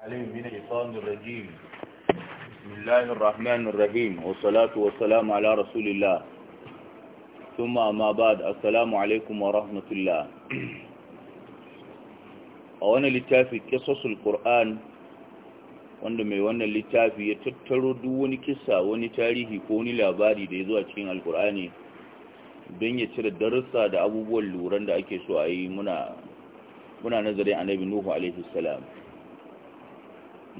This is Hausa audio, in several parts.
عليم من الشيطان الرجيم بسم الله الرحمن الرحيم والصلاة والسلام على رسول الله ثم ما بعد السلام عليكم ورحمة الله وانا littafi kisasul qur'an wanda mai wannan littafi ya tattaro duk wani kisa wani tarihi ko wani labari da ya zo cikin alkur'ani don ya cire darussa da abubuwan luran da ake so a yi muna nazarin annabi nuhu alaihi salam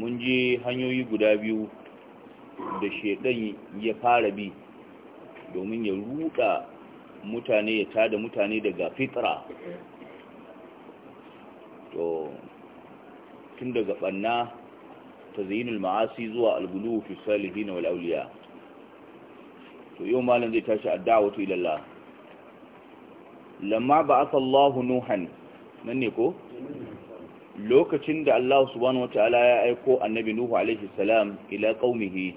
mun je hanyoyi guda biyu da shedan ya fara bi domin ya ruda mutane ya tada mutane daga fitra to tun daga banna ta zainul ma'asi zuwa albulu fi salihin wal auliya to yau malam zai tashi addawatu ila Allah lamma ba'atha nuhan nan ne ko lokacin da Allah subhanahu wataala ya aiko annabi Nuhu alaihi salam ila qaumihi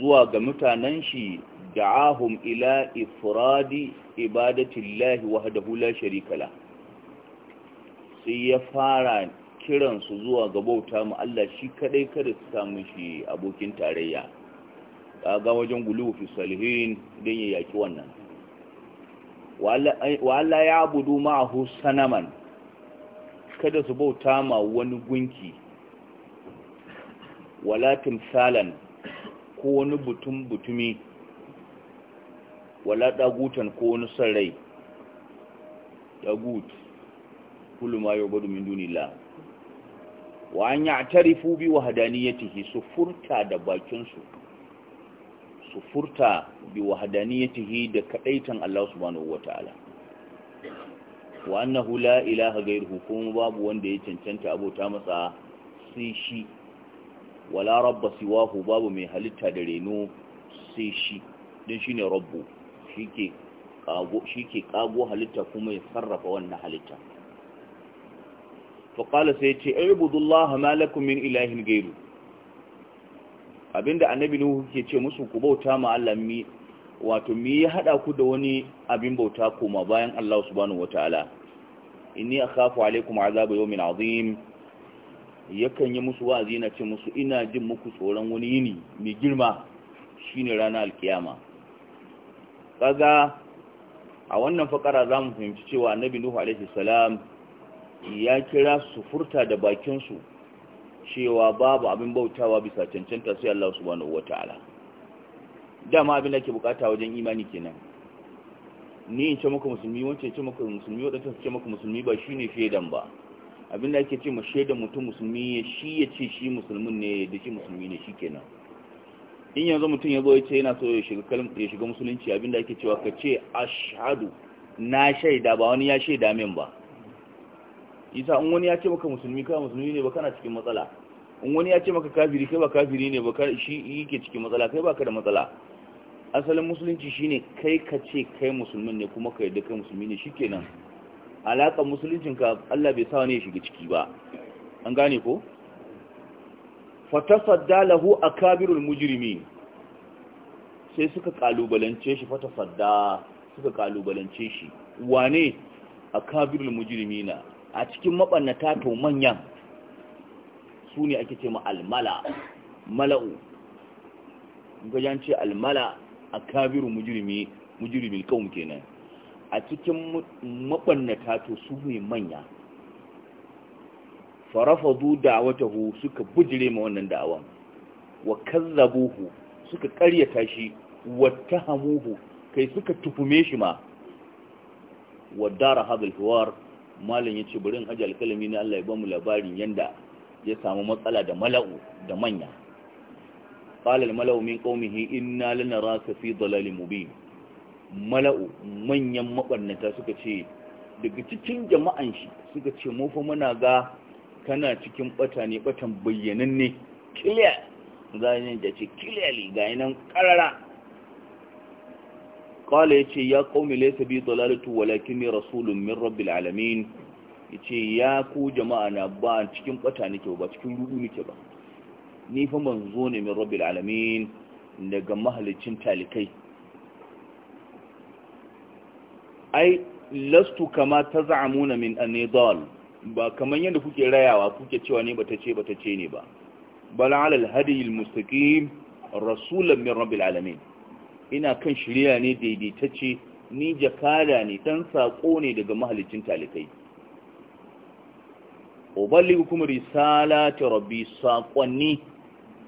zuwa ga mutanen shi da'ahum ila ifradi ibadatillahi wahdahu la sharika la sai ya fara kiran su zuwa ga bauta mu Allah shi kadai kada su samu shi abokin tarayya kaga wajen gulu fi salihin dan yaki wannan wa Allah ya abudu ma'ahu sanaman kada su bauta ma wani gunki wala timsalan ko wani butum butumi wala dagutan ko wani sarai dagut kullu ma yu'budu min dunillah wa an ya'tarifu bi wahdaniyatihi su furta da bakin su sufurta bi wahdaniyatihi da kadaitan Allah subhanahu wataala wa annahu la ilaha gairuhu kuma babu wanda ya cancanta abota masa sai shi wala rabba siwahu babu mai halitta da reno sai shi don shine rabbu shike kago shike kago halitta kuma ya sarrafa wannan halitta fa qala sai ce ibudullah ma lakum min ilahin gairu abinda annabi nuhu ke ce musu ku bauta ma Allah mi wato mi ya hada ku da wani abin bauta koma bayan Allah subhanahu wataala inni akhafu alaikum azab yawmin azim yakan yi musu wa'azi na ce musu ina jin muku tsoron wani yini mai girma shine ranar alkiyama kaga a wannan fakara zamu fahimci cewa annabi nuhu alaihi salam ya kira su furta da bakin su cewa babu abin bautawa bisa cancanta sai Allah subhanahu wataala dama abin da ke bukata wajen imani kenan ni in ce maka musulmi wancan ce maka musulmi wadancan ce maka musulmi ba shi ne shaidan ba Abinda ake ce ma shaidan mutum musulmi ya shi ya ce shi musulmin ne da shi musulmi ne shi kenan in yanzu mutum ya zo ya ce yana so ya shiga musulunci abinda ake cewa ka ce ashadu, na shaida ba wani ya shaida min ba isa in wani ya ce maka musulmi kai musulmi ne ba kana cikin matsala in wani ya ce maka kafiri kai ba kafiri ne ba shi yake cikin matsala kai ba ka da matsala asalin musulunci shine kai ka ce kai musulmin ne kuma ka yadda kai musulmi ne shikenan alaka musuluncin ka Allah bai sa ne ya shiga ciki ba an gane ko fatasadda lahu akabirul mujrimi sai suka kalubalance shi fatasadda suka kalubalance shi wane akabirul na a cikin mabannata to manyan su ne ake ce ma almala mala'u gajan almala a kabiru mujirimi mujirimin kenan a cikin mabannata to su ne manya farafadu da'awatahu suka bujire ma wannan da'awan wa kazzabuhu suka karyata shi wattahamuhu kai suka tufume shi ma wadara hadal huwar malam yace bari in haji alkalami na Allah ya bamu labarin yanda ya samu matsala da mala'u da manya قال الملأ من قومه إنا لنراك في ضلال مبين ملأ من suka ce daga cikin jama'an shi suka ce mu fa muna ga kana cikin bata ne batan ne clear zanin da ce clearly ga nan karara qala yace ya qaumi laysa bi dalalatu walakinni rasulun min rabbil alamin yace ya ku jama'a na ba cikin bata nake ba cikin rudu nake ba ni fa manzo ne min rabbil alamin daga mahalicin talikai ai lastu kama taz'amuna min an ba kaman yadda kuke rayawa kuke cewa ne bata ce bata ce ne ba bal alal hadiyil mustaqim rasulan min rabbil alamin ina kan shirya ne daidaitacce ni jakada ne dan sako ne daga mahalicin talikai Risala ta rabbi saƙonni.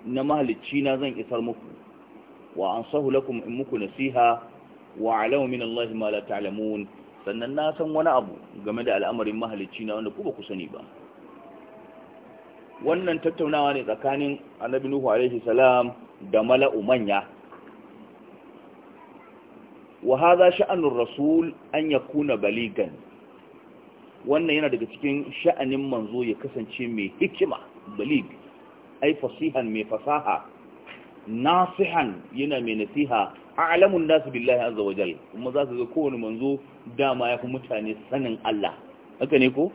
na mahalicci na zan isar muku wa an sahu lakum in muku nasiha wa alamu min Allah ma la ta'lamun sannan na san wani abu game da al'amarin mahalicci na wanda ku ba ku sani ba wannan tattaunawa ne tsakanin annabi nuhu alaihi salam da mala'u manya wa hadha sha'anur rasul an yakuna baligan wannan yana daga cikin sha'anin manzo ya kasance mai hikima balig ai fasihan mai fasaha nasihan yana mai nasiha a a'lamun nasu billahi azza wa jal kuma za su ga kowane manzo dama ya fi mutane sanin Allah haka ne ko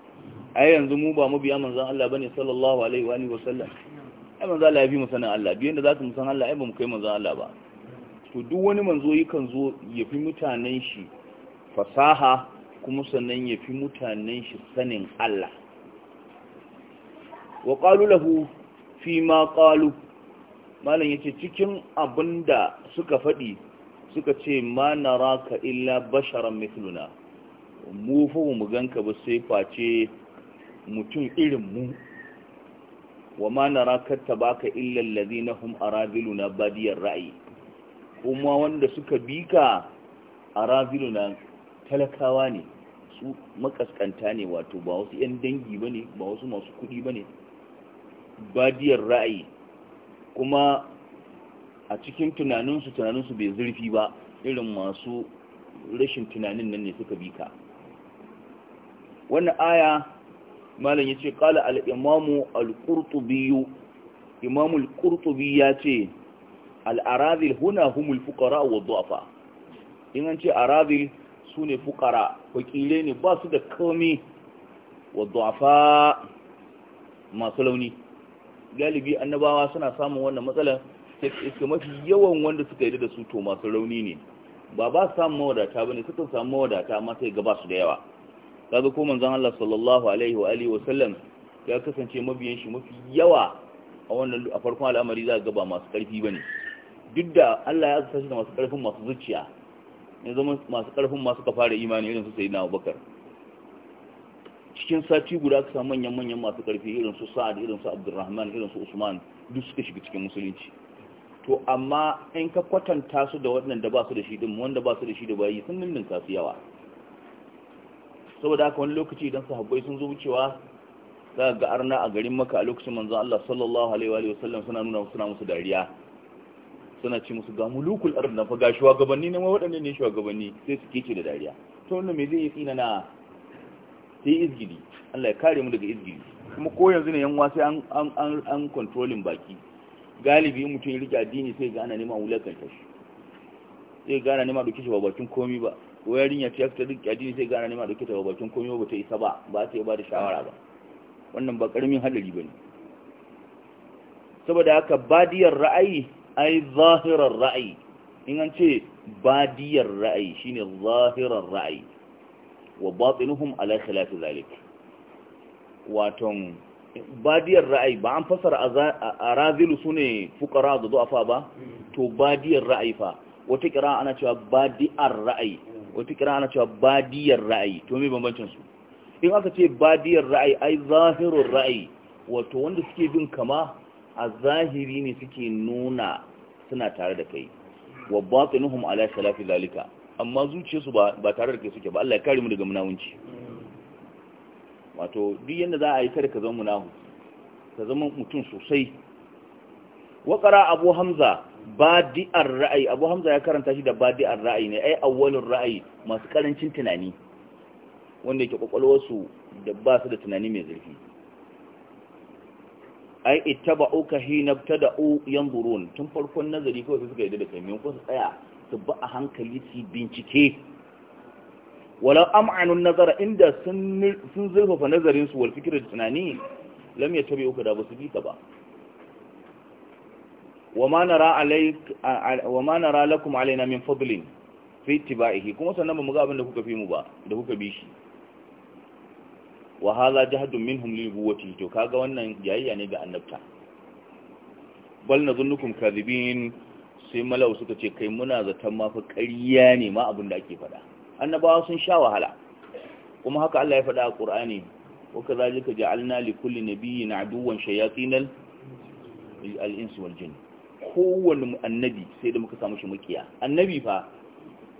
a yanzu mu ba mu biya manzon Allah bane sallallahu alaihi wa sallam ai manzan Allah ya fi mu sanin Allah biyan da za su mu san Allah ai ba mu kai manzon Allah ba to duk wani manzo yakan zo ya fi mutanen shi fasaha kuma sannan ya fi mutanen shi sanin Allah wa qalu lahu fi ma ƙalu malam yace cikin da suka faɗi suka ce ma raka illa basharan mithluna mu fa mu ganka ba sai face mutum irin mu wa ma ta baka illa na hum na badiyar ra'ayi kuma wanda suka bika na talakawa ne su makaskanta ne wato ba wasu 'yan dangi ba ne ba wasu masu kudi ba ne badiyar ra'ayi kuma a cikin tunaninsu tunaninsu bai zurfi ba irin masu rashin tunanin nan ne suka bi ka wannan aya malam ya ce kala al'imamu al'urtubiyu imamu al'urtubi ya ce al'arazil huna humul fukara wa zuwa in an ce arazil su ne fukara wakile ne ba su da kome wa du'afa masu launi galibi annabawa suna samun wannan matsalar iska mafi yawan wanda suka yi da su to masu rauni ne ba ba su samun mawadata ba ne suka samu mawadata amma gaba su da yawa kaga ko zan Allah sallallahu alaihi wa alihi wasallam ya kasance mabiyan shi mafi yawa a wannan a farkon al'amari za ga ba masu karfi ba ne duk da Allah ya zata shi da masu karfin masu zuciya ne zama masu karfin masu ka fara imani irin su na Abubakar cikin sati guda ka samu manyan manyan masu karfi irin su sa'ad irin su abdurrahman irin su usman duk suka shiga cikin musulunci to amma in ka kwatanta su da da ba su da shi din wanda ba su da shi da bayi sun nindin kasu yawa saboda haka wani lokaci idan sahabbai sun zo wucewa za ga arna a garin maka a lokacin manzon Allah sallallahu alaihi wa sallam suna nuna suna musu dariya suna ci musu ga mulukul ardh na fa ga shugabanni ne waɗannan ne shugabanni sai su kece da dariya to wannan me zai yi tsina na sai izgili Allah ya kare mu daga izgili kuma ko yanzu ne yan wasu an an an controlling baki galibi mutum ya rike addini sai ga ana neman wulakan ta shi sai ga ana neman doke shi ba bakin komi ba ko yarinya ta ta rike addini sai ga ana neman doke ta ba bakin komi ba ta isa ba ba ta ba da shawara ba wannan ba karamin hadari bane saboda haka badiyar ra'ayi ai zahirar ra'ayi in an ce badiyar ra'ayi shine zahirar ra'ayi wa batinuhum ala khilafi zalik waton badiyar ra'ayi ba an fasara arazilu sune fuqara da du'afa ba to badiyar ra'ayi fa wata kira ana cewa badiyar ra'ayi wata kira ana cewa badiyar ra'ayi to me bambancin su in aka ce badiyar ra'ayi ai zahirur ra'ayi wato wanda suke bin kama a zahiri ne suke nuna suna tare da kai wa batinuhum ala khilafi zalika amma zuciyarsu ba tare da kai suke ba Allah ya kare mu daga munawunci wato duk yanda za a yi kare ka zama munahu ka zama mutum sosai waƙara abu hamza diar ra'ayi abu hamza ya karanta shi da diar ra'ayi ne ai awwalin ra'ayi masu karancin tunani wanda yake kwakwalwarsu da ba su da tunani mai zurfi ai da hinabtada'u yanzurun tun farkon nazari kawai suka yi da kai su tsaya su ba a hankali su bincike walau am'anun nazara inda sun zurfafa nazarinsu wal fikir da tunani lam ya tabi uku da ba su bi ba wa ma nara lakum alaina min fadlin fi tibaihi kuma sannan ba mu ga abin da kuka fi mu ba da kuka bi shi wa hala jahdun minhum li nubuwwati to kaga wannan jayayya ne ga annabta bal nadhunnukum kadhibin sai malawu suka ce kai muna zaton mafi ƙarya ne ma abin da ake faɗa annabawa sun sha wahala kuma haka Allah ya fada a ƙur'ani waka ji alina li na nabiyyin na shayatinal al-insi wal jini kowanne annabi sai da muka samu shi mukiya annabi fa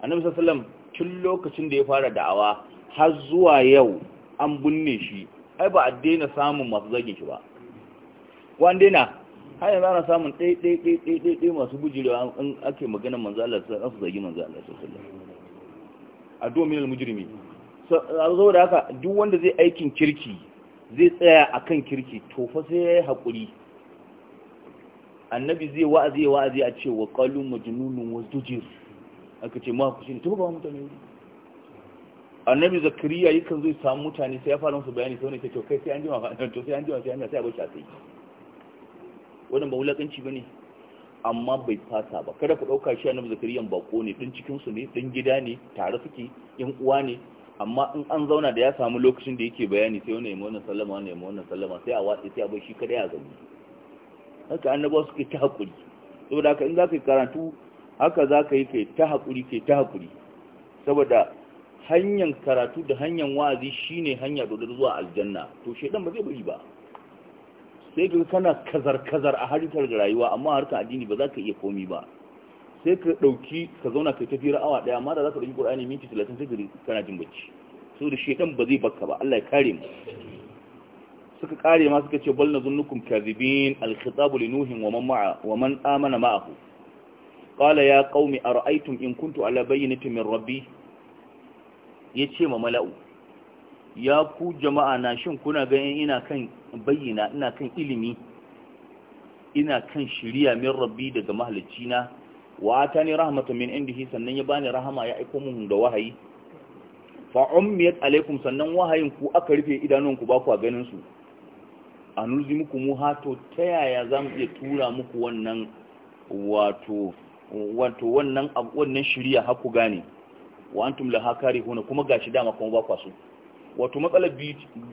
annabi sassalam tun lokacin da ya fara da'awa har zuwa yau an binne shi ai ba a daina samun masu zagin shi ba wanda daina har yanzu ana samun ɗaiɗaiɗaiɗaiɗai masu bujirewa in ake maganar manzala an su zagi manzala sallar. a dominal mujirmi sau da haka duk wanda zai aikin kirki zai tsaya a kan kirki to fa sai ya yi haƙuri annabi zai wa'azi ya wa'azi a ce wa ƙalun majinunun wasu jir aka ce ma kushe ne ta ba mutane wuri annabi zakariya yakan zai samu mutane sai ya fara musu bayani sau ne ke kyau kai sai an jima fa'adar to sai an jima sai an jima sai a bai shafi wannan ba wulakanci bane amma bai fasa ba kada ku dauka shi annabi zakariyan bako ne din cikin su ne din gida ne tare suke yan uwa ne amma in an zauna da ya samu lokacin da yake bayani sai wannan yamma wannan sallama wannan yamma wannan sallama sai a watsi sai a bar shi kada ya zauni haka annabawa suke ta hakuri saboda haka in ka yi karatu haka ka yi kai ta hakuri kai ta hakuri saboda hanyar karatu da hanyar wa'azi shine hanya dodar zuwa aljanna to shedan ba zai bari ba sai ka kana kazar-kazar a harkar rayuwa amma harkar addini ba za ka iya komi ba sai ka ɗauki ka zauna ka tafi awa ɗaya amma da za ka ɗauki ƙur'ani minti talatin sai ka kana jin bacci da shaitan ba zai baka ba Allah ya kare mu suka kare ma suka ce bal na kadhibin al-khitabu li nuhin wa man ma'a wa man amana ma'ahu qala ya qaumi ara'aytum in kuntu ala bayyinatin min rabbi yace ma mala'u ya ku jama'a na shin kuna ganin ina kan bayyana ina kan ilimi ina kan shiriya min rabbi daga mahalicina wa ta ne rahmatan min indihi sannan ya bani rahama ya aiko mun da wahayi fa ummiyat alaikum sannan wahayin ku aka rufe idanun ku ba ku ganin su mu hato ta yaya zamu iya tura muku wannan wato wato wannan wannan shiriya haku gane wa antum la huna kuma gashi dama kuma ba ku so wato matsalar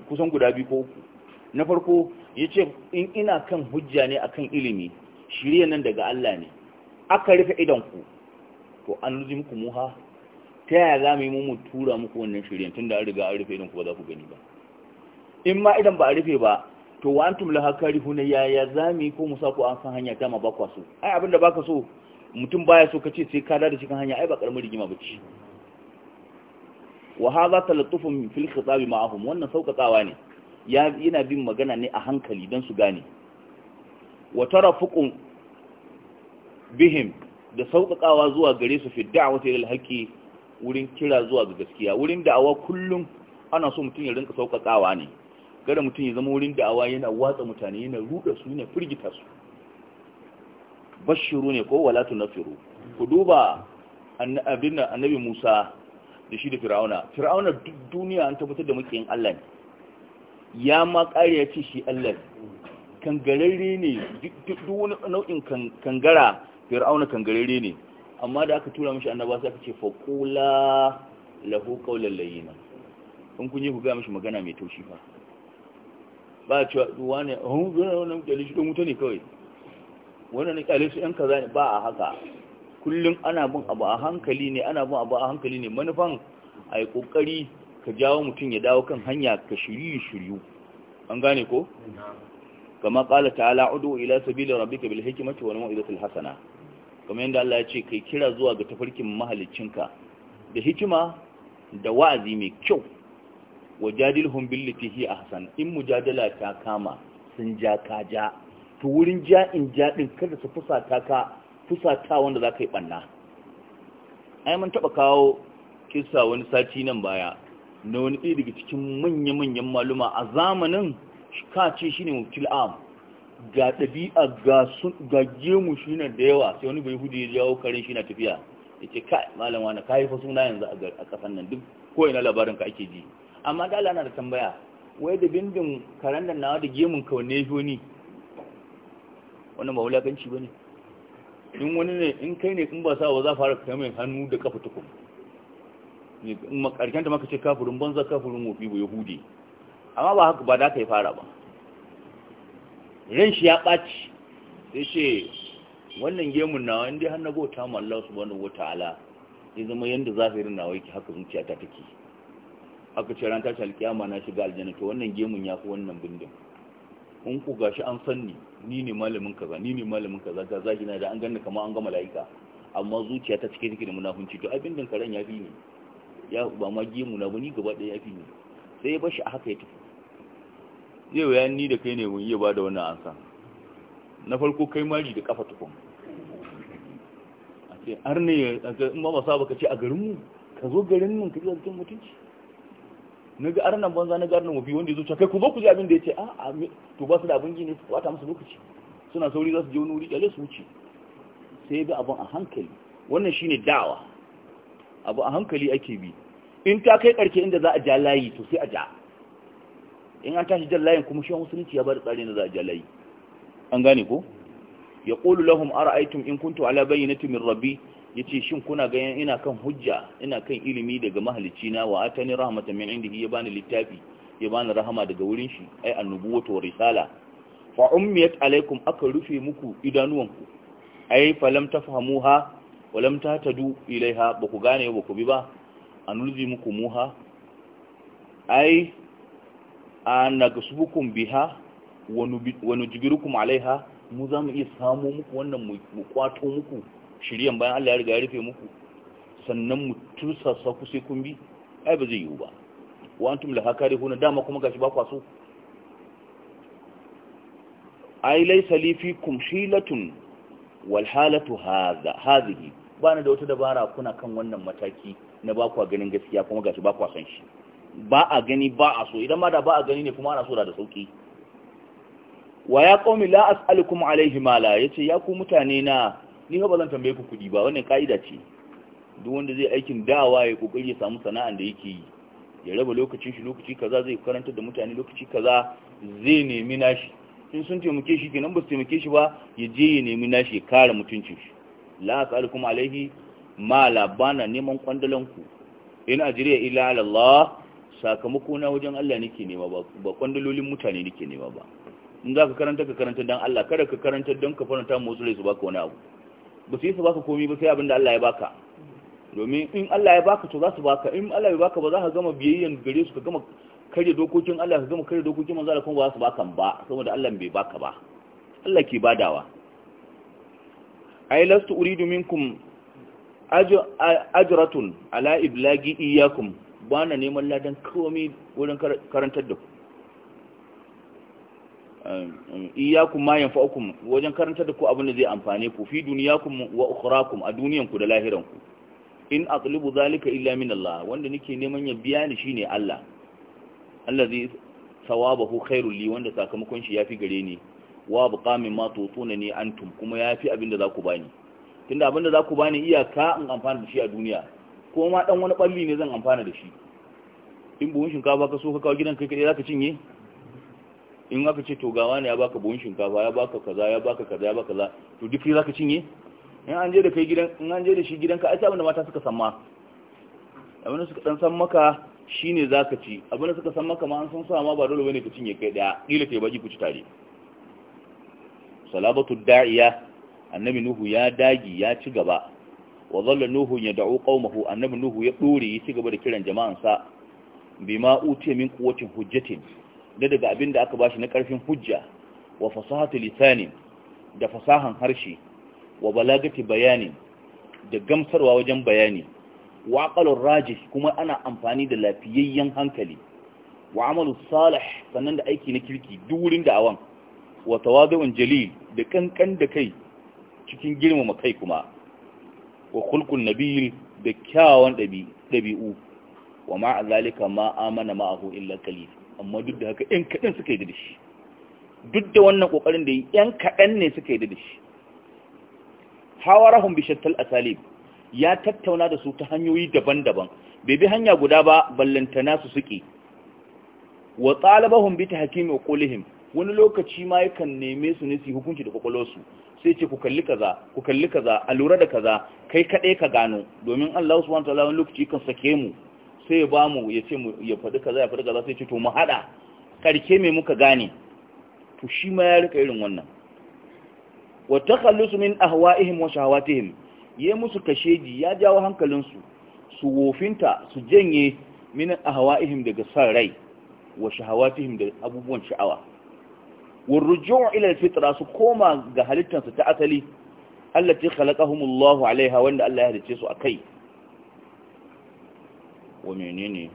kusan guda biyu ko uku na farko ya ce in ina kan hujja ne akan ilimi shirya nan daga Allah ne aka rufe idanku to an ku mu muha ta yaya za mu yi mu tura muku wannan shirya tun da an riga an rufe idanku ba za ku gani ba in ma idan ba a rufe ba to wa antum la hakarihu ya yaya za mu yi ko mu sa ku an san hanya ta ma ba ku so ai abinda baka so mutum baya so kace sai ka da cikin hanya ai ba karamin rigima ba ce wa hadha talattufun fil khitab ma'ahum wannan saukakawa ne yana bin magana ne a hankali dan su gane wa tarafuqun bihim da saukakawa zuwa gare su fi da'wati lil haqqi wurin kira zuwa ga gaskiya wurin da'awa kullum ana so mutum ya rinka saukakawa ne kada mutum ya zama wurin da'awa yana watsa mutane yana ruɗa su yana firgita su bashiru ne ko wala tunafiru ku duba annabi Musa da shi da fir'auna fir'auna duk duniya an tabbatar da makiyin Allah ne ya ma ƙari ya ce shi Allah kangararre ne duk wani nau'in kangara fir'auna kangararre ne amma da aka tura mishi annaba sai aka ce faqula lahu qawlan layyina in kun yi ku ga mishi magana mai taushi fa ba ce duwa ne hun zuwa wannan dalili don mutane kawai wannan ne kalisu yan kaza ne ba a haka kullum ana bin abu a hankali ne ana bin abu a hankali ne manufan a yi ƙoƙari ka jawo mutum ya dawo kan hanya ka shiryu shiryu an gane ko kama ƙala ala udu ila sabila rabbika bil hikmati wal mau'izatil hasana kamar yadda Allah ya ce kai kira zuwa ga tafarkin mahaliccinka da hikima da wa'azi mai kyau wajadilhum billati hi ahsan in mujadala ta kama sun ja ka ja to wurin ja'in jaɗin kada su ta ka fusata wanda za ka yi ɓanna ai mun taɓa kawo kisa wani sati nan baya na wani ɗaya daga cikin manya-manyan maluma a zamanin kace shi ne mutu am ga ɗabi'a ga gemu shi na da yawa sai wani bai hudu ya jawo karin shi na tafiya ya ce kai malam wani ka haifa suna yanzu a ƙasan nan duk ko ina labarin ka ake ji amma da na da tambaya wai da bindin karen da nawa da gemun ka wanne ya fi wani wannan ba wulakanci ba ne in wani ne in kai ne in ba sa ba za fara kamen hannu da kafa tukun in makarken ta maka ce kafirin banza kafirin wofi ba yahudi amma ba haka ba da ka yi fara ba ran shi ya ɓaci sai ce wannan gemun nawa inda har na bauta ma Allah subhanahu wataala ya zama yanda zahirin nawa yake haka zuciya ta take Haka ce ran tashi alkiyama na shiga aljanna to wannan gemun ya fi wannan bindin in ku gashi an sanni ni ne malamin kaza ni ne malamin kaza ga zaki na da an ganna kamar an ga mala'ika amma zuciya ta cike take da munafunci to abin din karen ya fi ne ya ba ma na ba ni gaba ɗaya ya fi ne sai ya bar shi a haka ya tafi yau ya ni da kai ne mun iya ba da wannan ansa na farko kai mari da kafa tukun a ce har ne in ba ba sa ka ce a garinmu ka zo garin nan ka ji zargin mutunci na ga arnan banza na ga arnan mafi wanda ya zuciya kai ku zo ku ji abin da ya ce a ah, ah, to ba su da abin gini su wata musu lokaci suna sauri za su je wani wuri kyale su wuce sai bi abin a hankali wannan shine da'awa abu a hankali ake bi in ta kai karke inda za a ja layi to sai a ja in an tashi jan layin kuma shi musulunci ya bada tsarin da za a ja layi an gane ko ya qulu lahum ara'aytum in kuntu ala bayyinatin min rabbi ya ce shin kuna ganin ina kan hujja ina kan ilimi daga na wa atani rahmatan min indihi ya bani littafi ya bani rahama daga wurin shi ai annubuwatu wa risala fa ummiyat alaikum aka rufe muku idanuwanku ai falam tafhamuha wa lam tahtadu ilaiha ba ku gane ba ku bi ba anulzi muku muha ai anagsubukum biha wa nujibirukum alaiha mu za mu iya samu muku wannan mu kwato muku shiryan bayan Allah ya riga ya rufe muku sannan mu tursasa ku sai kun bi ai ba zai yiwu ba wa antum la hakarihuna dama kuma gashi ba ku so ai laysa li fikum shilatun wal halatu hadha hadhihi bana da wata dabara kuna kan wannan mataki na ba kwa ganin gaskiya kuma gashi ba ku san shi ba a gani ba a so idan ma da ba a gani ne kuma ana so da sauki wa ya qawmi la as'alukum alayhi mala yace ya ku mutane na ni ba zan tambaye ku kuɗi ba wannan ka'ida ce duk wanda zai aikin dawa ya kokari ya samu sana'an da yake yi ya raba lokacin shi lokaci kaza zai karanta da mutane lokaci kaza zai nemi nashi in sun taimake shi kenan ba su taimake shi ba ya je ya nemi nashi ya kare mutuncin shi la as'alukum alaihi ma labana neman kwandalan ku in ajriya ila Allah sakamako na wajen Allah nake nema ba ba kwandalolin mutane nake nema ba in za ka karanta ka karanta dan Allah kada ka karanta don ka faranta mu wasu rai su baka wani abu ba su yi su baka komi ba sai abin da Allah ya baka domin in Allah ya baka to za su baka in Allah ya baka ba za ka gama biyayyan gare su ka gama karya dokokin Allah ka gama karya dokokin manzo Allah kuma ba za su baka ba saboda Allah bai baka ba Allah ke badawa ay lastu uridu minkum ajratun ala iblagi iyyakum bana neman ladan komai wurin karantar da ku iyakum ma yanfa'ukum wajen karantar da ku abin da zai amfane ku fi duniyakum wa ukhrakum a duniyan ku da lahiran ku in aqlibu zalika illa min Allah wanda nake neman ya biya ni shine Allah allazi thawabahu khairul li wanda sakamakon shi yafi gare ni wa buqamin ma tutuna ni antum kuma yafi abin da zaku bani tunda abin da zaku bani iyaka in amfana da shi a duniya ko ma dan wani balli ne zan amfana da shi in buhun shinkafa ka so ka kawo gidan kai kai zaka cinye in aka ce to gawa ne ya baka buhun shinkafa ya baka kaza ya baka kaza ya baka kaza to duk kai zaka cinye in an je da kai gidan in an je da shi gidanka ai abin da mata suka san ma abin da suka dan san maka shine zaka ci abin da suka san maka ma an san sa ma ba dole bane ka cinye kai daya kila kai baki ku ci tare salabatu da'iya annabi nuhu ya dagi ya ci gaba wa zalla nuhu ya da'u qaumahu annabi nuhu ya dore ya ci gaba da kiran jama'ansa bima utiya min quwwatin hujjatin da daga abin da aka ba shi na ƙarfin hujja wa fasahatu lisanin da fasahan harshe wa balagati bayanin da gamsarwa wajen bayani wa aqalur rajih kuma ana amfani da lafiyayyen hankali wa amalu salih sannan da aiki na kirki duk wurin da'awan wa tawadu'un jalil da kankan da kai cikin girmama kai kuma wa khulqun nabil da kyawawan dabi'u wa ma'a zalika ma amana ma'ahu illa kalifa. amma duk da haka ‘yan kaɗan suka yi da dashi duk da wannan ƙoƙarin da yi ‘yan kaɗan ne suka yi da dashi hawarahun bishattal asalib ya tattauna da su ta hanyoyi daban-daban bai bi hanya guda ba ballantana su suke wa tsalabahun bi ta hakimi kolihim wani lokaci ma yakan neme su ne su hukunci da kwakwalwarsu sai ce ku kalli kaza ku kalli kaza a lura da kaza kai kaɗai ka gano domin allah subhanahu wa ta'ala wani lokaci kan sake mu sai ya ba mu ya ce ya faɗi kaza ya faɗi kaza sai ce to mu haɗa karke mai muka gane to shi ma ya rika irin wannan wa takhallusu min ahwa'ihim wa shahawatihim yayi musu kasheji ya jawo hankalinsu su wofinta su janye min ahwa'ihim daga san rai wa shahawatihim da abubuwan sha'awa wa ruju' ila fitra su koma ga halittarsu ta asali allati khalaqahumullahu alaiha wanda Allah ya halice su akai wa menene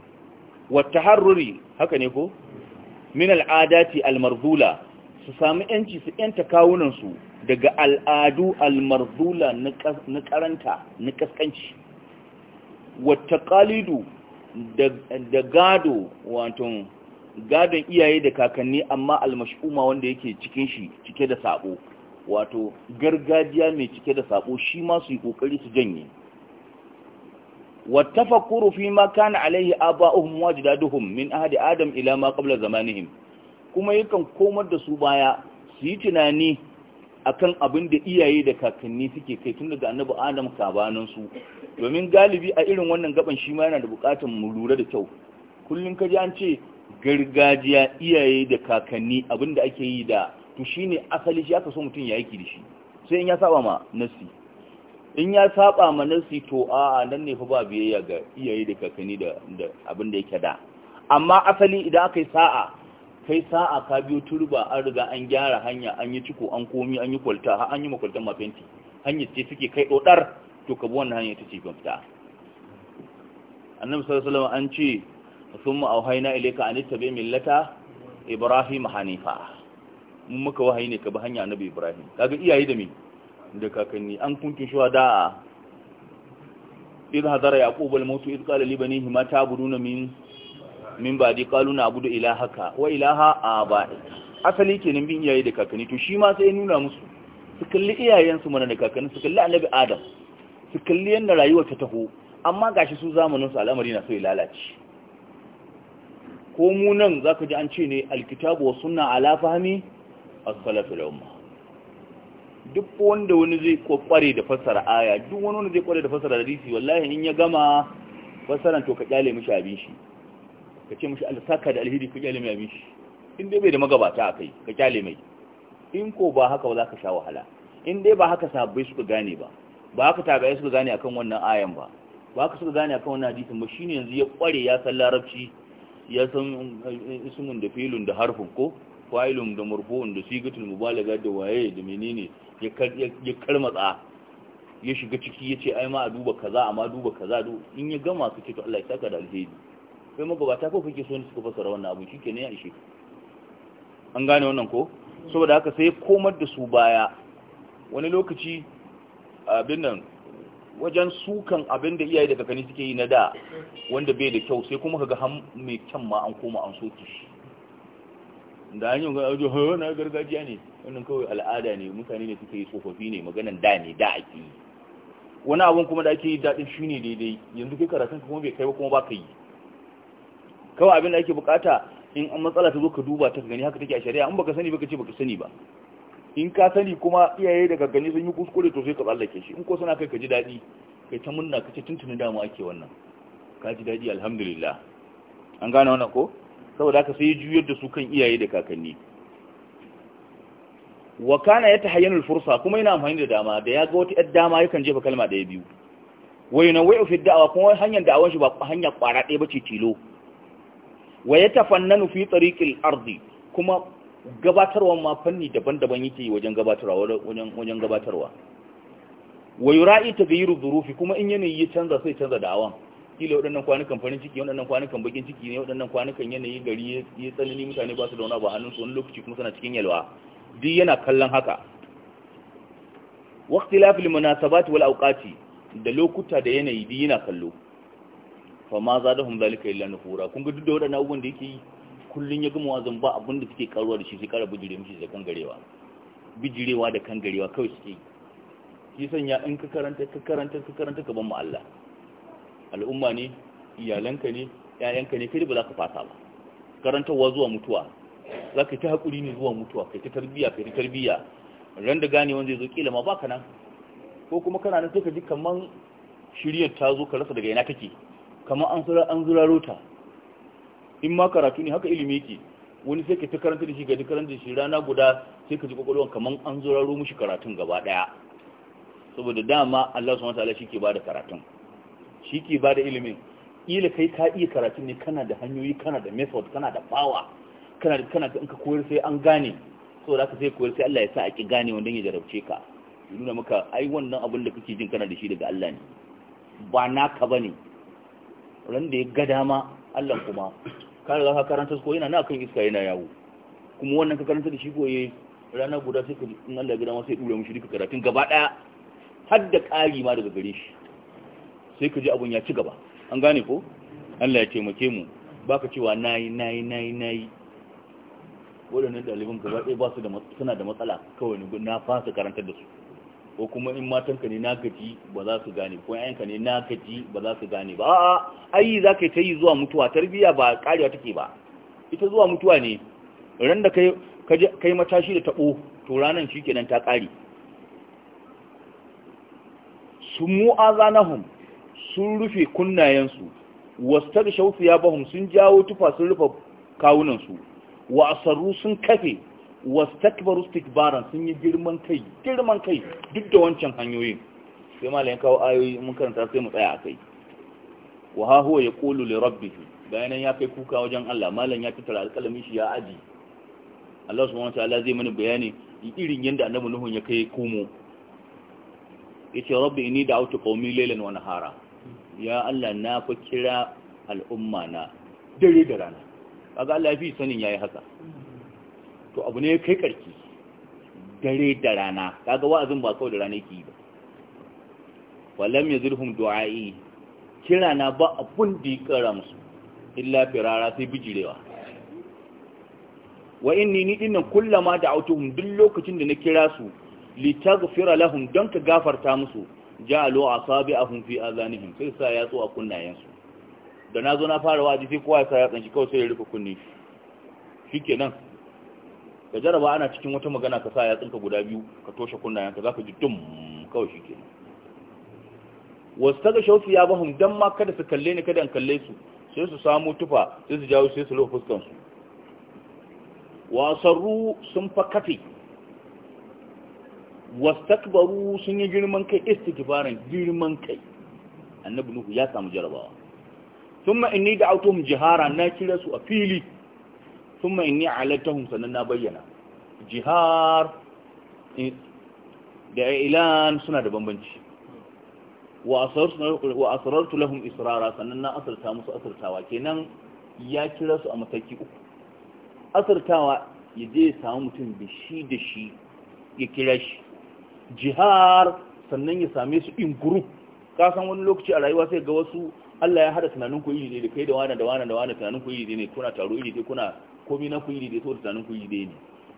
wata haruri haka ne ko min al'adati almarzula su sami yanci su yanta kawunansu daga al'adu almarzula na karanta na kaskanci wata kalidu da gado wato gadon iyaye da kakanni amma almashuma wanda yake cikin shi cike da sabo wato gargajiya mai cike da sabo shi ma su yi kokari su janye ma والتفكر فيما كان عليه آباؤهم واجدادهم من أهد آدم إلى ما قبل زمانهم كما su كومد سبايا tunani akan abin da iyaye da kakanni suke kai tun daga annabi Adam kabanin su domin galibi a irin wannan gaban shi ma yana da bukatun mu lura da kyau kullun ka ji an ce gargajiya iyaye da kakanni abin da ake yi da to shine asali shi aka so mutum ya yi da shi sai in ya saba ma nasi in ya saba ma nasi to a nan ne fa ba biyayya ga iyaye da kakanni da abin da yake da amma asali idan aka yi sa'a kai sa'a ka biyo turba an riga an gyara hanya an yi ciko an komi an yi kwalta har an yi makwaltan mafenti hanyar ce suke kai dodar to ka bi wannan hanyar ta ce fita annabi sallallahu alaihi wasallam an ce thumma auhayna ilayka an tabi millata ibrahim hanifa mun muka wahayi ne ka bi hanya annabi ibrahim kaga iyaye da mi da kakanni an kuntu shuhada idh hadara yaqub al-maut idh libanin hima ta ma na min ba min ba'di gudu ila ilahaka wa ilaha ba asali kenan bin iyaye da kakanni to shi ma sai nuna musu su kalli iyayensu mana da kakanni su kalli annabi adam su kalli yadda rayuwar ta taho amma ga shi su zamanin su al'amari na so ya lalace ko mu nan ka ji an ce ne alkitabu wa sunna ala fahmi as-salafil ummah duk wanda wani zai kware da fassara aya duk wani wanda zai kware da fassara hadisi wallahi in ya gama fassaran to ka kyale mishi abin shi ka ce mishi Allah saka da alheri ku kyale mai abin shi in dai bai da magabata akai ka kyale mai in ko ba haka ba za ka sha wahala in dai ba haka sabbai suka gane ba ba haka tabi'ai suka gane akan wannan ayan ba ba haka suka gane akan wannan hadisin ba shine yanzu ya kware ya san larabci ya san eh, ismun da filun da harfun ko fa'ilun da marfu'un da sigatul mubalagha da waye da menene ya karmatsa ya shiga ciki ya ce ai ma a duba kaza amma duba kaza do in ya gama su ce to Allah ya saka da alheri magaba magabata ko kake so ne suka fasara wannan abu shi kenan ya ishe an gane wannan ko saboda haka sai komar da su baya wani lokaci abin nan wajen sukan abin da iyaye da kakanni suke yi na da wanda bai da kyau sai kuma kaga ham mai kyan ma an koma an soke shi da an yi wani ajo ha na gargajiya ne wannan kawai al'ada ne mutane ne suka yi tsofaffi ne maganan da ne da ake yi wani abun kuma da ake yi daɗin shi ne daidai yanzu kai karatun kuma bai kai ba kuma ba ka yi kawai abin da ake bukata in an matsala ta zo ka duba ta gani haka take a shari'a in baka sani baka ce baka sani ba in ka sani kuma iyaye daga gani sun yi kuskure to sai ka tsallake shi in ko suna kai ka ji daɗi kai ta munna ka ce tuntunin damu ake wannan ka ji daɗi alhamdulillah an gane wannan ko saboda haka sai ya juyar da su kan iyaye da kakanni wa kana ya tahayyanul fursa kuma yana amfani da dama da ya ga wata yar dama yakan jefa kalma ɗaya biyu wai na wai fi da'awa kuma hanyar da'awar shi ba hanya kwara ɗaya bace tilo wa ya tafannanu fi tariqil ardi kuma gabatarwa ma fanni daban-daban yake yi wajen gabatarwa wajen wajen gabatarwa wa yura'i rufi kuma in yanayi ya canza sai canza da'awan kila waɗannan kwanukan farin ciki waɗannan kwanukan bakin ciki ne waɗannan kwanukan yanayi gari ya tsanani mutane ba su da wani abu su wani lokaci kuma suna cikin yalwa duk yana kallon haka waqti lafil munasabati wal awqati da lokuta da yanayi duk yana kallo fa ma zadahum zalika illa nufura kun ga duk da waɗannan abubuwan da yake kullum kullun ya gama wazan ba abin da suke karuwa da shi sai kara bijire mishi da kangarewa bijirewa da kangarewa kawai suke yi sanya in ka karanta ka karanta ka karanta ka ban mu Allah al'umma ne iyalanka ne ƴaƴanka ne kai ba za ka fata ba karantarwa zuwa mutuwa za ka ta haƙuri ne zuwa mutuwa kai ta tarbiyya kai ta tarbiyya ran da gane wanda ya zo kila ma ba ka nan ko kuma kana nan sai ka ji kaman shiryar ta zo ka rasa daga ina kake kaman an zura an zura ta in ma karatu ne haka ilimi yake wani sai ka ta karanta da shi ga karanta da shi rana guda sai ka ji kwakwalwan kaman an zuraro mushi karatun gaba daya saboda dama Allah subhanahu wa ta'ala shi ke bada karatun shi ke ba da ilimin ila kai ka iya karatu ne kana da hanyoyi kana da method kana da power kana da kana in ka koyar sai an gane so da ka sai koyar sai Allah ya sa a ki gane wanda ya jarabce ka ya nuna maka ai wannan abin da kake jin kana da shi daga Allah ne ba naka bane ran da ya ga dama Allah kuma ka riga ka karanta ko yana na kan iska yana yawo kuma wannan ka karanta da shi ko yayi rana guda sai ka in Allah ya ga dama sai dure mushi duka karatun gaba daya har da ma daga gare shi sai ka ji abun ya ci gaba an gane ko Allah ya taimake mu baka cewa nayi nayi nayi nayi waɗannan ɗaliban gaba ɗaya ba su da suna da matsala kawai ne na fasa karantar da su ko kuma in matanka ne na gaji ba za su gane ko ka ne na gaji ba za su gane ba a'a ai za ka yi ta yi zuwa mutuwa tarbiyya ba karewa take ba ita zuwa mutuwa ne ran da kai kai matashi da taɓo to ranan shikenan ta kare sumu azanahum sun rufe kunnayensu Wasu da shausu ya bahum sun jawo tufa sun rufe kawunansu wa asarru sun kafe Wasu wastakbaru istikbaran sun yi girman kai girman kai duk da wancan hanyoyin sai ya kawo ayoyi mun karanta sai mu tsaya a kai. wa ha ya yaqulu li rabbi. bayanan ya kai kuka wajen Allah malam ya tattara alƙalamin shi ya aji Allah subhanahu wataala zai mani bayani irin yanda annabi Nuhu ya kai komo yace rabbi inni da'awtu qaumi laylan wani nahara ya Allah na fi kira al'umma na dare da rana A ga Allah ya fi sanin ya yi haka to abu ne kai karki dare da rana ga wa'azin ba kawai da rana yake ba walam zurhun du'ai kira na ba abun da ya kara musu illa firara sai bijirewa wa inni ni dinnan kullama da'awtuhum duk lokacin da na kira su litaghfira lahum don ka gafarta musu a asabi'ahum fi azanihim sai sa ya yatsu a kunnayensu da na zo na fara waje sai kowa ya sa kawai sai ya rufe kunni shikenan ka jaraba ana cikin wata magana ka sa ya tsinka guda biyu ka toshe kunnayen ka zaka ji dum kawai shikenan wasu taga shauki ya bahum dan ma kada su kalle ni kada in kalle su sai su samu tufa sai su jawo sai su lo fuskan su wasarru sun fa kafe wastakbaru sun yi girman kai istikbaran girman kai annabi nuhu ya samu jarabawa thumma inni da'awtuhum jihara na kira su a fili thumma inni alatahum sanan na bayyana jihar eh, da ilan suna da bambanci wa asrartu lahum israra sannan na asarta musu asartawa kenan ya kira su a mataki uku asartawa ya je ya samu mutum da shi da shi ya kira shi jihar sannan ya same su in group ka san wani lokaci a rayuwa sai ga wasu Allah ya hada tunanin ku iri da kai da wani da wani da wani tunanin ku iri ne kuna taro iri kuna komai na ku iri da saboda tunanin ku iri ne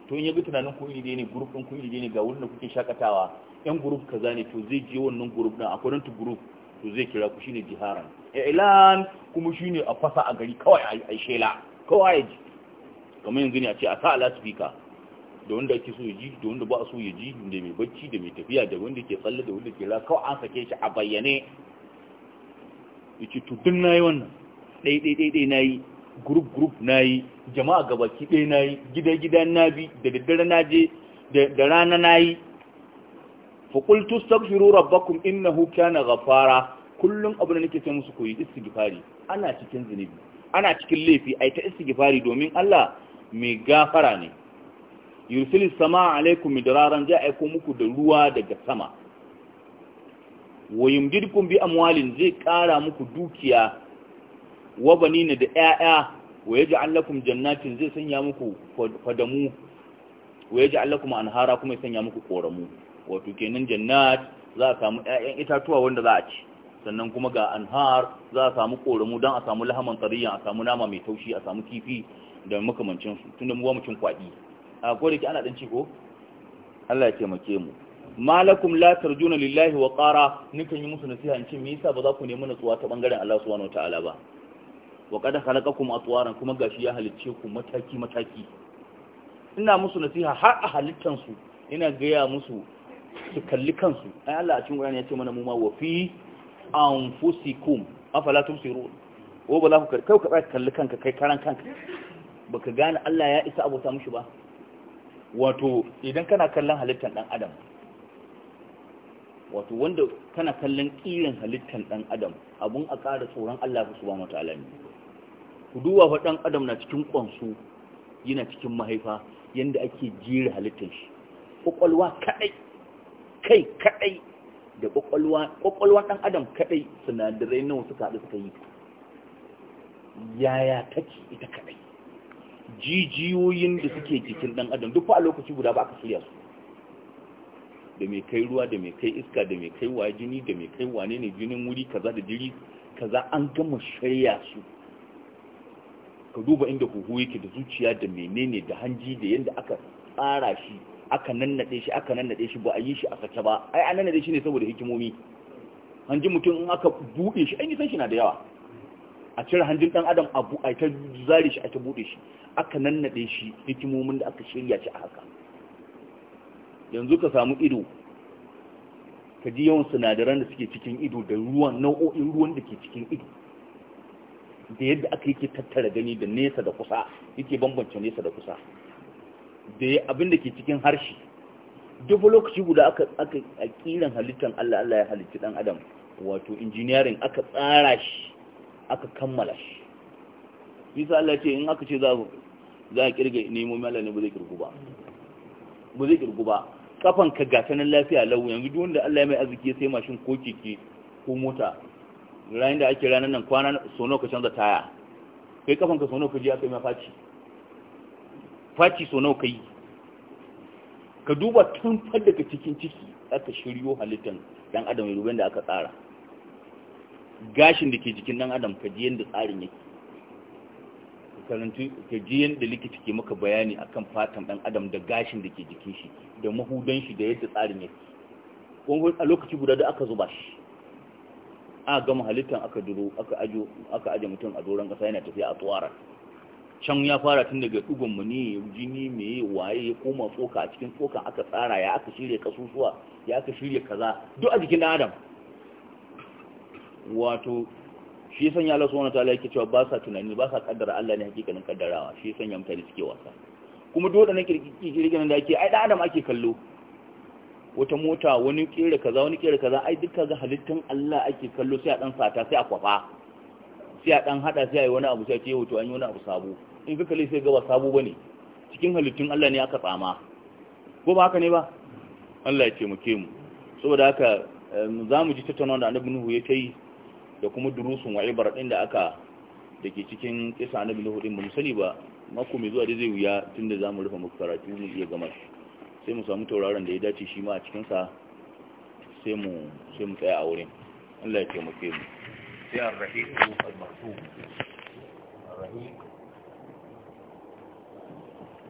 to in ya ga tunanin ku iri ne group din ku iri ne ga wurin da kuke shakatawa yan group kaza ne to zai je wannan group din according to group to zai kira ku shine jiharan ilan kuma shine a fasa a gari kawai a shela kawai kamar yanzu ne a ce a sa a da wanda ake so ya ji da wanda ba a so ya ji da mai bacci da mai tafiya da wanda ke tsalle da wanda ke ra kawai an sake shi a bayyane yace to na nayi wannan dai dai dai dai nayi group group nayi jama'a gabaki dai nayi gida gida na bi da daddare na je da rana nayi fa qultu astaghfiru rabbakum innahu kana ghafara kullum abu da nake ce musu koyi istighfari ana cikin zunubi ana cikin laifi ai ta istighfari domin Allah mai gafara ne yursilis sama alaikum midraran zai aiko muku da ruwa daga sama wa yumdidkum bi amwalin zai kara muku dukiya wa banina da 'ya'ya wa yaj'al lakum jannatin zai sanya muku fadamu wa yaj'al lakum anhara kuma ya sanya muku koramu wato kenan jannat za a samu 'ya'yan itatuwa wanda za a ci sannan kuma ga anhar za a samu koramu don a samu lahaman tsariya a samu nama mai taushi a samu kifi da makamancin su tunda mu ba mu cin kwaɗi a gori ki ana dan ko Allah ya taimake mu malakum la tarjuna lillahi wa ƙara nukan yi musu nasiha in ce me yasa ba za ku nemi natsuwa ta ɓangaren Allah subhanahu ta'ala ba wa qad khalaqakum atwaran kuma gashi ya halicce ku mataki mataki ina musu nasiha har a halittan su ina gaya musu su kalli kansu ai Allah a cikin Qur'ani ya ce mana mu ma wa fi anfusikum afala tumsirun ko ba za ku kai ka kalli kanka kai karan kanka baka gane Allah ya isa abota mushi ba wato idan kana kallon halittar ɗan adam wato wanda kana kallon ƙirin halittar dan adam abun a ƙara tsoron Allah fi suwa mata alami ku duba fa ɗan adam na cikin kwansu yana cikin mahaifa yadda ake jira halittar shi ƙwaƙwalwa kaɗai kai kaɗai da ƙwaƙwalwa ɗan adam kaɗai sinadarai nawa suka haɗu suka yi yaya take ita kaɗai jijiyoyin da suke jikin dan adam duk a lokaci guda ba aka shirya su da mai kai ruwa da mai kai iska da mai kai waye jini da mai kai wane ne jinin wuri kaza da jiri kaza an gama shirya su ka duba inda huhu yake da zuciya da menene da hanji da yanda aka tsara shi aka nannade shi aka nannade shi ba a yi shi a sace ba ai an nannade shi ne saboda hikimomi hanjin mutum in aka bude shi ai nisan shi na da yawa a cire hanjin dan adam a ta zare shi a ta bude shi aka nannade shi hikimomin da aka shirya shi a haka yanzu ka samu ido ka ji yawan sinadaran da suke cikin ido da ruwan nau'o'in ruwan da ke cikin ido da yadda aka yake tattara gani da nesa da kusa yake bambance nesa da kusa da abin da ke cikin harshe duk lokaci guda aka aka a kiran halittar Allah Allah ya halitta dan adam wato engineering aka tsara shi aka kammala shi bisa Allah ce in aka ce za za a ni nemomi Allah ne ba zai kirgu ba ba zai kirgu ba kafan ka gata nan lafiya lau yanzu duk wanda Allah ya mai arziki sai mashin ko keke ko mota ranar da ake ranar nan kwana sono ka canza taya kai kafan ka sono ka je aka yi ma faci faci sono ka yi ka duba tun daga cikin ciki aka shiryo halittar dan adam ya ruben da aka tsara gashin da ke jikin dan adam ka ji yadda tsarin yake karantu ka ji yadda likita ke maka bayani akan fatan dan adam da gashin da ke jikin shi da mahudan shi da yadda tsarin ne. Kuma a lokaci guda da aka zuba shi a gama halittar aka duro aka ajo mutum a doron kasa yana tafiya a tsawara can ya fara tun daga dugun ne jini mai waye ya koma tsoka a cikin tsokan aka tsara ya aka shirya kasusuwa ya aka shirya kaza duk a jikin adam wato shi ya sanya Allah subhanahu wataala yake cewa ba sa tunani ba sa kaddara Allah ne hakikanin kaddarawa shi ya sanya mutane suke wasa kuma dole na kirkirin da ake ai da adam ake kallo wata mota wani kera kaza wani kera kaza ai dukkan ga halittun Allah ake kallo sai a dan sata sai a kwafa sai a dan hada sai a yi wani abu sai ke hoto an yi wani abu sabo in ka kalle sai ga ba sabo bane cikin halittun Allah ne aka tsama ko ba haka ne ba Allah ya ce mu ke mu saboda haka eh, za mu ji tattaunawa da annabi Nuhu ya kai da kuma durusun wa ibar din da aka da ke cikin kisa na bilu hudin ba mu sani ba mako mai zuwa da zai wuya tunda za mu rufe muku karatu mu iya gama sai mu samu tauraron da ya dace shi ma a cikinsa sai mu sai mu tsaya a wurin Allah ya taimake mu sai ar al-mahfuz ar